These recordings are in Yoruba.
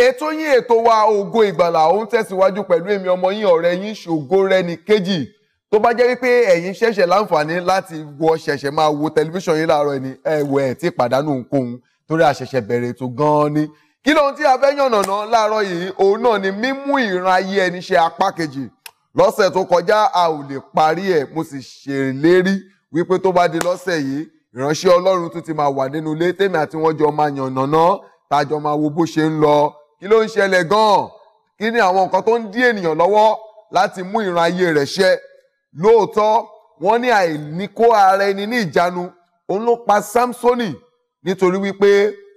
ètò yín ètò wa ògo ìgbàlà ó ń tẹ̀síwájú pẹ̀lú èmi ọmọ yín ọ̀rẹ́ yín Ṣògorẹ́níkejì tó bá jẹ́ wípé ẹ̀yin ṣẹ̀ṣẹ̀ láǹfààní láti wọ ṣẹ̀ṣẹ̀ máa wo tẹlifíṣàn yín láàárọ̀ ẹni ẹ̀wẹ̀ ẹ̀ tí pàdánù ohunkóhun torí àṣẹ̀ṣẹ̀ bẹ̀rẹ̀ ètò gan-an ni kí lóhun tí a fẹ́ yànnàná láàárọ̀ yìí òun náà ni mímú ìran ayé ẹni ṣe apá kejì lọ́sẹ̀ tó kọjá a ò lè parí ẹ̀ mo sì ṣèlérí wípé tó bá di lọ́sẹ̀ yìí ìránṣẹ́ Ọlọ́run tún ti máa wà nínú ilé tèmi àti wọ́n jọ máa yànnàná tájọ máa wo bó ṣe ń lọ kí ló ń ṣẹlẹ̀ gan-an kí ni àwọn nǹkan tó ń dí ènìyàn lọ́wọ́ láti mú ìran ayé rẹ̀ ṣẹ lóòótọ́ wọ́n ní àìníkó ara ẹni ní ìjánu òun ló pa Sámsónì nítorí wípé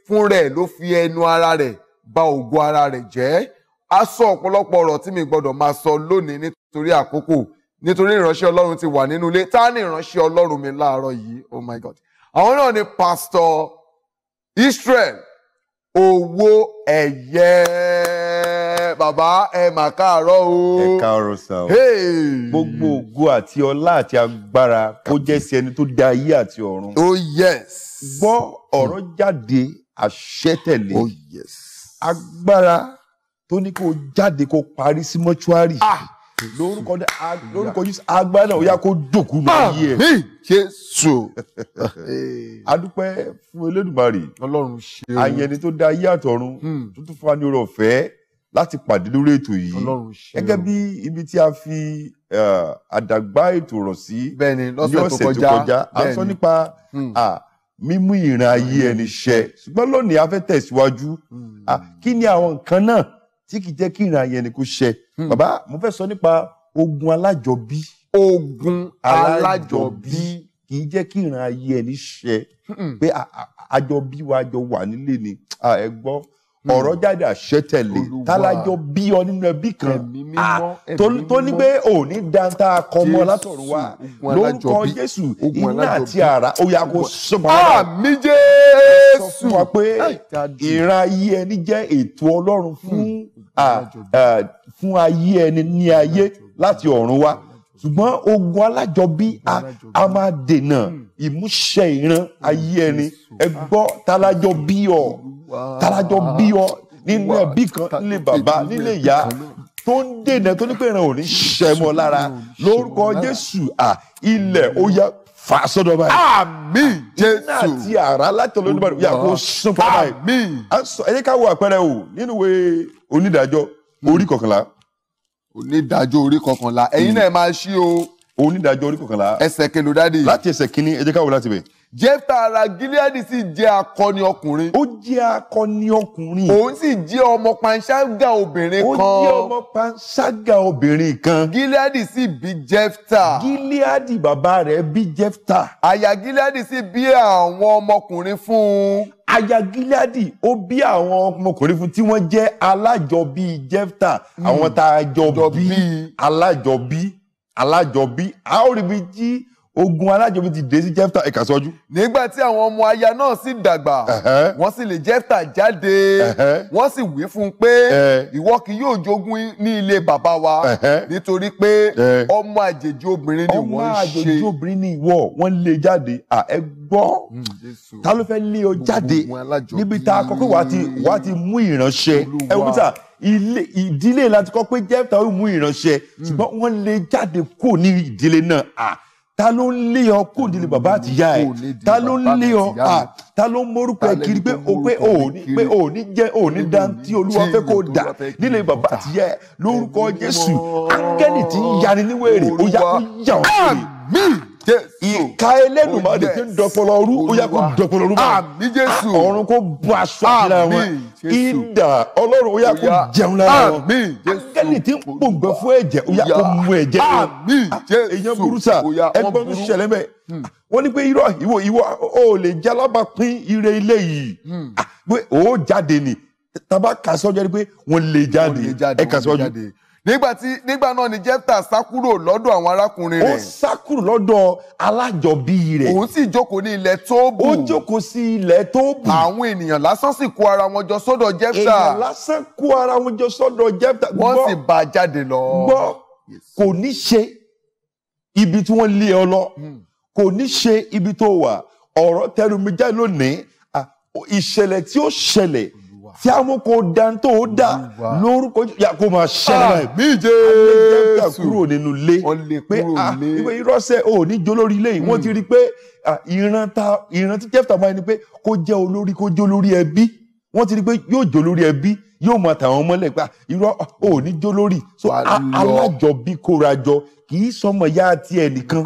fún rẹ̀ ló fi ẹnu ara rẹ̀ bà ògo ara rẹ̀ jẹ́ a sọ ọ̀pọ̀lọpọ̀ ọ̀rọ̀ tí mi gbọ́dọ̀ máa sọ lónìí nítorí àkókò nítorí ìránṣẹ́ Ọlọ́run ti wà nínú ilé ta ni ìránṣẹ́ Ọlọ́run mi láàárọ̀ yìí oh my God àwọn náà ni Pastor Israel owó ẹ̀yẹ bàbá ẹ mà káàárọ̀ o. ẹ káàárọ̀ sá o. gbogbo ògo àti ọlá àti agbára kó jẹ́ sí ẹni tó dá ayé àti ọ̀run. oh yes. gbọ́ ọ̀rọ̀ jáde àṣẹ tẹ̀lé. oh yes. agbára tó ní kó jáde kó parí sí mọ́ṣúárì. ah lórúkọ lórúkọ yìí agbára ó yá kó dòkú lórí ẹ Jésù adúpẹ́ fún Elédùmarè Ọlọ́run ṣeun àyẹni tó dá ayé àtọ̀run hmm. tó tún fún wa ní oore ọ̀fẹ́ láti pàdé lórí ètò yìí gẹ́gẹ́ bí ibi tí a fi àdàgbà ètò rọ̀ sí ní ọ̀sẹ̀ tó kọjá a sọ nípa hmm. mímú ìran ayé ẹni ṣẹ ṣùgbọ́n lónìí a fẹ́ tẹ̀síwájú hmm. kí ni àwọn nǹkan náà tí kì í jẹ́ kí ìran ayé ẹni kó ṣẹ Hmm. bàbá mo fẹ́ sọ nípa ogun alájọbí. ogun alájọbí kì í jẹ́ kí ìran ayé ẹni ṣẹ hmm. pé àjọbí wa jọ wà nílé ni ẹ gbọ́ hmm. ọ̀rọ̀ jáde àṣẹ tẹ̀lé tálájọ bí ọ nínú ẹbí kan tó ní pé òní dáńtà kọmọ látọ̀rọ̀ wa lórúkọ jésù iná àti àrá òyà kò sọmọ mi jésù fún wa pé ìran ayé ẹni jẹ́ ètò ọlọ́run fún fún ayé ẹni ní ayé láti ọ̀run wá ṣùgbọ́n ogun alájọbí a máa dènà ìmúṣẹ ìran ayé ẹni ẹ gbọ́ talájọbí ọ talájọbí ọ nínú ẹbí kan nílé bàbá nílé ìyá tó ń dènà tó ní pé ìran ò ní ṣẹmọ lára lórúkọ Jésù à ilẹ̀ ó yá fà sọ́dọ̀ báyìí. àmín jésù iná àti àrá láti ọlọ́dún báyìí yà kó sún pa báyìí. àmín. ẹ wo àpẹẹrẹ o nínú ìwé onídàájọ́ orí kọkànlá. onídàájọ́ orí kọkànlá ẹ̀yin hmm. náà máa ṣí o. onídàájọ́ orí kọkànlá. ẹsẹ̀ kelo dáàdi. láti ẹsẹ̀ kínní ẹ jẹ́ ká wò láti bẹ̀. Jéfítà ará Gíleádì sì jẹ́ akọni ọkùnrin. ó jẹ́ akọni ọkùnrin. òun sì jẹ́ ọmọ panṣágà obìnrin kan. ó jẹ́ ọmọ panṣágà obìnrin kan. Gíleádì sì bí Jéfítà. Gíleádì bàbá rẹ̀ bí Jéfítà. aya Gíleádì sì bí àwọn ọmọkùnrin fún un aya gileadi ó bí àwọn ọmọkùnrin fún tí wọ́n jẹ́ alájọbí jefta hmm. àwọn tá a jọ bí alájọbí alájọbí a ó rí bí jí ogun alájọbí ti dé sí Jẹ́fítà ẹ̀ka sọ́jú. nígbà tí àwọn ọmọ aya náà sì dàgbà wọ́n sì lé Jẹ́fítà jáde wọ́n sì wí fún un pé ìwọ kì yóò jogún ní ilé bàbá wa nítorí pé ọmọ àjèjì obìnrin ni wọ́n ń ṣe. ọmọ àjèjì obìnrin ni ìwọ wọ́n lé e jáde ẹ gbọ́ hmm, ta ló fẹ́ lé ọ jáde níbi tá a kọ́ pé wàá ti mú ìránṣẹ́ ẹ wọ́n bí sà ilé ìdílé láti kọ́ pé Jẹ́fítà ó mú ìránṣẹ́ hmm. ṣùgbọ́n wọ́n lé e jáde kúrò ní ìdílé náà ta ló ń lé ọ kó nílé bàbá àtìyá ẹ ta ló ń lé ọ à ta ló ń morúkọ ẹ kiri pé o pé o ní jẹ o ní dá olúwa fẹ́ kó dà nílé bàbá àtìyá ẹ lórúkọ jésù áńgẹ́lì tí ń yani níwèrè ó yá kó yà ọ́ sí i ìka Elédùmarè tí ń dọpọlọ rú ó yá kó dọpọlọ rú báyìí ah, ọ̀run kó bọ aṣọ àkìlà wọn ìdà ọlọ́run ó yá kó jẹun lára wọn akẹ́lì tí ń pòǹgbẹ fún ẹ̀jẹ̀ ó yá kó mú ẹ̀jẹ̀ rẹ ah, èèyàn burúkú ẹgbọ́n tó ṣẹlẹ̀ mẹ́ hmm. ah, wọ́n ní pé irọ́ ìwọ ìwọ ò lè jalábàpín ire ilé yìí hmm. pé ó jáde ni tàbá kà ni pé wọ́n lè jáde ẹ kà nígbàtí nígbà náà ni Jẹ́fítà sá kúrò lọ́dọ̀ àwọn arákùnrin rẹ̀. ó sá kúrò lọ́dọ̀ alájọbí rẹ̀. òun sì jókòó ní ilẹ̀ tóóbù. ó jókòó sí ilẹ̀ tóóbù. àwọn ènìyàn lásán sì kó ara wọn jọ sọ́dọ̀ Jẹ́fítà. èèyàn lásán kó ara wọn jọ sọ́dọ̀ Jẹ́fítà. wọ́n sì bá a jáde lọ. gbọ́ kò ní ṣe ibi tí wọ́n lé ọ lọ hmm. kò ní ṣe ibi tó wà ọ̀rọ̀ tẹnu mi lónìí ìṣẹ̀lẹ̀ tí ó ṣẹlẹ̀ tí a mú kó dan tó o dà lórúkọ yà kó máa ṣẹlẹ̀ ah. bíi jésù kúrò nínú ilé pé a ah, ìwé irọ́sẹ̀ ò ní jó lórí ilé yìí wọ́n ti hmm. rí i pé ah, ìran ta ìran tí jẹ́fìtà máa ní pé kó jẹ́ olórí kó jó lórí ẹbí wọ́n ti rí i pé yóò jó lórí ẹbí yóò máa tàwọn mọ́lẹ̀ pé irọ́ ò ní jó lórí so alájọbí kórajọ kì í sọmọ ya ti ẹnìkan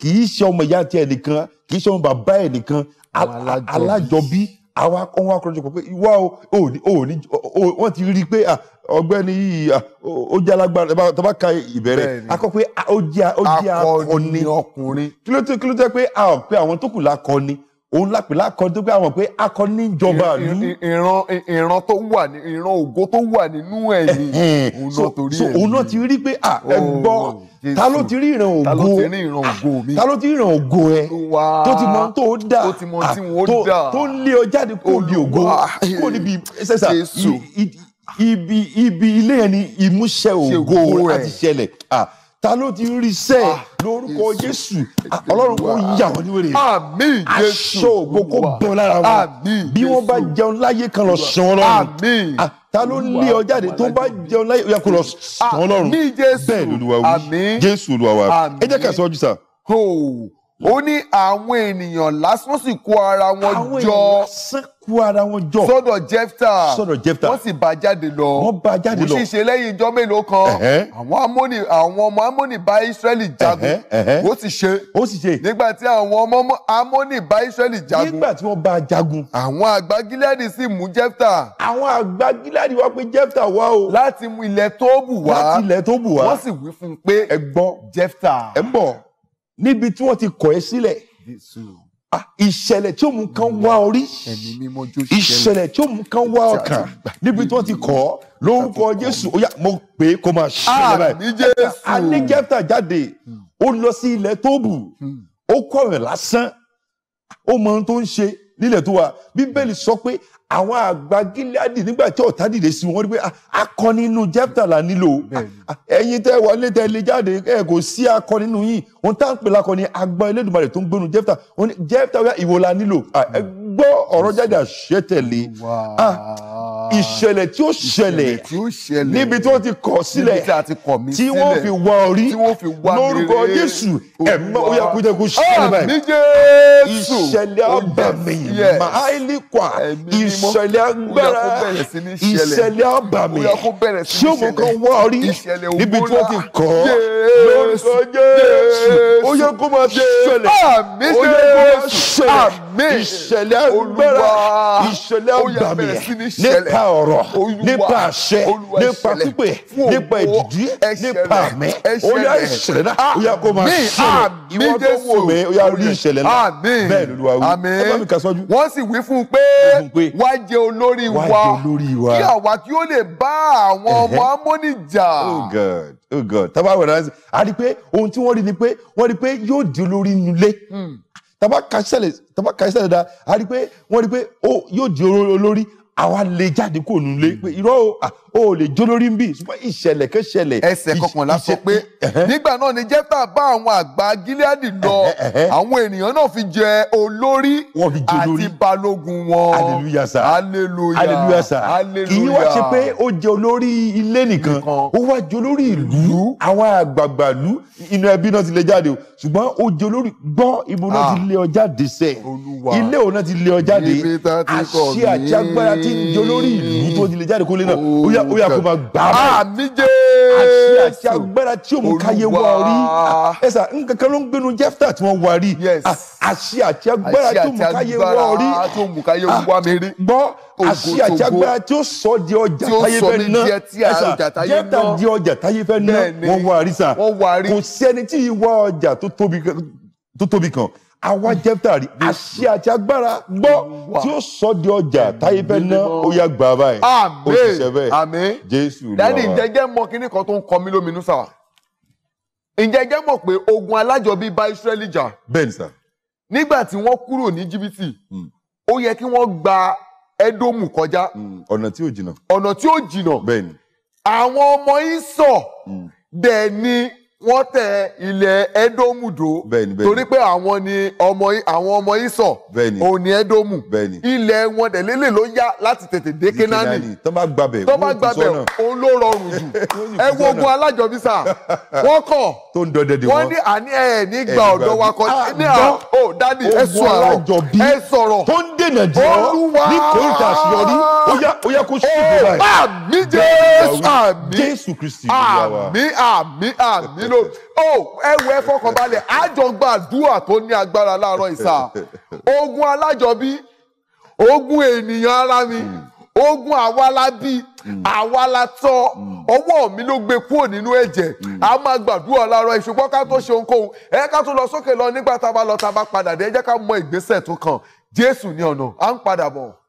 kì í sọmọ ya ti ẹnìkan kì í sọmọ bàbá ẹnìkan alájọbí àwa wọn wá kọjú pé ìwọ o ò ní wọn ti rí i pé ọ̀gbẹ́ni yìí ó jẹ́ alágbára tó bá ka ìbẹ̀rẹ̀ akọ pé ó jẹ́ akọni ọkùnrin kí ló tẹ pé a ò pé àwọn tó kù lákọni òun lápèlá kan tó gbé àwọn pé akọni níjọba ìlú. ìran ìran tó wà ní ìran ògo tó wà nínú ẹ̀yìn òun náà torí ẹ̀yìn. òun náà ti rí pé ẹ oh, gbọ́ ta ló ti rí ìran ògo ta ló ti rí ìran ògo ẹ tó ti mọ tó dà tó ń lé ọ jáde kó di ògo kó níbi ṣẹṣà ibi ibi ilé ẹni ìmúṣẹ ògo rẹ láti ṣẹlẹ̀ ta ló ti rí sẹ́ ah, lórúkọ jésù ah, ọlọ́run kò yà wọ́n níwèrè àmín jésù aṣọ ògbó kò bọ́n lára wọn àmín bí wọ́n bá jẹun láyé kan lọ sàn wọn lọ́rùn àmín ah, ta ló lé ọ jáde tó bá jẹun láyé kan lọ sàn wọn lọ́rùn àmín jésù bẹ́ẹ̀ lolúwa wí jésù olúwa wa ẹ jẹ́ ká sọ́jú sá ó ní àwọn ènìyàn lásán sì kó ara wọn jọ àwọn ènìyàn lásán kó ara wọn jọ sọ́dọ̀ Jẹ́fítà sọ́dọ̀ Jẹ́fítà wọ́n sì bá jáde lọ wọ́n bá jáde lọ òṣìṣẹ́ lẹ́yìn ijọ́ mélòó kan àwọn amóni àwọn ọmọ amóni bá Ísírẹ́lì jagun ó sì ṣe ó sì ṣe nígbà tí àwọn ọmọ amóni bá Ísírẹ́lì jagun nígbà tí wọ́n bá jagun àwọn àgbà Gíláàdì sì mú Jẹ́fítà àwọn àgbà Gíláàdì wá pé Jẹ́fítà wá o láti ilẹ̀ Tóbù wá láti ilẹ̀ Tóbù wá wọ́n sì wí fún un pé ẹ gbọ́ Jẹ́fítà ẹ ń bọ̀ níbi tí wọ́n ti kọ̀ ẹ́ sílẹ̀ ìṣẹ̀lẹ̀ tí ó mú kan wá orí ìṣẹ̀lẹ̀ tí ó mú kan wá ọkàn níbi tí wọ́n ti kọ̀ ọ́ lórúkọ Jésù ó yá mo pè kó máa ṣẹlẹ̀ báyìí àní jáde hmm. ó lọ sí ilẹ̀ Tóbù hmm. ó kọ̀wé lásán ó mọ ohun tó ń ṣe nílẹ̀ tó wà bíbélì sọ pé àwọn àgbà gíláàdì nígbà tí ọ̀tá dìde sí wọn wípé ah, akọni inú jẹ́pítà là nílò ah, ah, ẹ̀yin tẹ́ wọlé tẹ́ lé jáde ẹ̀ kò sí akọni inú yìí òun tá à ń pè lakọni agbọ́n Elédùmarè tó ń gbénu jẹ́pítà jẹ́pítà ìwò là nílò gbọ́ ọ̀rọ̀ jáde àṣẹ tẹ̀lé ìṣẹ̀lẹ̀ tí ó ṣẹlẹ̀ níbi tó ti kọ̀ sílẹ̀ tí wọ́n fi wá orí lórúkọ Jésù ẹ̀mí oyè kújẹ́kú ṣẹlẹ̀ báyìí ìṣẹ̀lẹ̀ abàmì máàlì kwa ìṣẹ̀lẹ̀ agbára ìṣẹ̀lẹ̀ abàmì tí ó mú kan wá orí níbi tó ti kọ̀ lórúkọ Jésù oyè kó máa ṣẹlẹ̀ oyè kó máa ṣẹlẹ̀ àmín ìṣẹ̀lẹ̀ olúwa ìṣẹ̀lẹ̀ ọgbàmì nípa ọ̀rọ̀ nípa àṣẹ nípa pípé nípa ìdìdí nípa àmì ó yá ìṣẹ̀lẹ̀ náà ó yá kó máa ṣẹlẹ̀ ìwọ tó wò mí ó yá rí ìṣẹ̀lẹ̀ náà bẹ́ẹ̀ lolúwa wí ẹ bá mi kà sọ́jú. wọ́n sì wí fún un pé wá jẹ́ olórí wa kí àwa kí ó lè bá àwọn ọmọ amóni jà. oh god oh god tábà wẹ̀rẹ̀ á rí i pé ohun tí wọ́n rí ni pé wọ́n rí i pé yóò di olórí nulẹ̀ tàbá kàṣẹlẹ̀ tàbá kàṣẹlẹ̀ da a rí i pé wọ́n rí i pé ó yóò di olórí àwa lè jáde kó nulẹ̀ pé irọ́ o lè jó lórí ń bì ṣùgbọ́n ìṣẹ̀lẹ̀ kan ṣẹlẹ̀. ẹsẹ̀ la sọ pé nígbà náà ni jẹ́tà bá àwọn àgbà gíláàdì lọ àwọn ènìyàn náà fi jẹ olórí àti balógun wọn. hallelujah sir hallelujah sir kì í wá ṣe pé ó jẹ olórí ilé nìkan ó wá jẹ olórí ìlú àwọn àgbààgbà ìlú inú ẹbí náà ti lè jáde o ṣùgbọ́n ó jẹ olórí gbọ́ ibo náà ti lé ọ jáde sẹ́ ilé òun náà ti lé ọ jáde àṣẹ àti ti jẹ olórí ìlú tó ti lè jáde kó náà yà ó yà kó máa gbà á báyìí. àmì jésù àṣẹ àti agbára tí òun káyé wá rí ah, ẹsà nǹkan kan ló ń gbénu jẹ́fítà tí wọ́n wá rí ah, àṣẹ àti agbára tí òun káyé wá rí gbọ́ àṣẹ àti agbára tí ó sọ di ọjà táyé fẹ́ ná ẹsà jẹ́fítà di ọjà táyé fẹ́ ná wọ́n wá rí sà kò sẹ́ni tí ì wá ọjà tó tóbi kan àwa hmm. jẹ́tàrí hmm. àṣẹ àti agbára gbọ́ hmm. tí ó sọ di ọjà táyé fẹ́ ná ó yá gbà báyìí ó sì ṣe bẹ́ẹ̀ àmín jésù ní wàhálà. dáàdi ìjẹ́jẹ́ mọ kínní kan tó ń kọ mí lóminú sáwà ìjẹ́jẹ́ mọ̀ pé ogun alájọbí bá Ísírẹ́lì jà. bẹ́ẹ̀ni sà. nígbà tí wọ́n kúrò ní yẹ kí wọ́n gba Édómù kọjá. ọ̀nà tí ò jìnà. ọ̀nà tí ò jìnà. bẹ́ẹ̀ni. ọmọ Ísọ̀ dẹ̀ wọ́n tẹ ilẹ̀ Édómù dó torí pé àwọn ni ọmọ àwọn ọmọ Ísọ̀ òun ni Édómù ilẹ̀ wọn dẹ̀ lélẹ̀ ló yá láti tètè dé Kénáánì tó bá gbàbẹ̀ tó bá gbàbẹ̀ òun ló rọrùn jù ẹ wo ogun alájọbí sà wọ́n kọ̀ wọ́n ní àní ẹ̀ nígbà ọ̀dọ́ wa kọ́ ní à ó dádì ẹ sọ̀rọ̀ ẹ sọ̀rọ̀ tó ń dènà jẹ́ ọ́ ní kòríta àṣeyọrí ó yẹ kó ṣubú báyìí àmì Jésù àmì Jésù Kristi àmì àmì àmì lóhùn ó ẹwù ẹ fọkànbalẹ̀ àjọgbàdúà tó ní agbára láàárọ̀ ìsà ogun alájọbí ogun ènìyàn ara mi ogun àwa la bí àwa la tọ́ ọwọ́ mi ló gbé kúrò nínú ẹ̀jẹ̀ a máa gbàdúrà láàárọ̀ ìṣùgbọ́n ká tó ṣe ohunkóhun ẹ ká tó lọ sókè lọ nígbà tá a bá lọ tá a bá padà dé ẹ jẹ́ ká mọ ìgbésẹ̀ tó kàn Jésù ní ọ̀nà à ń padà bọ̀.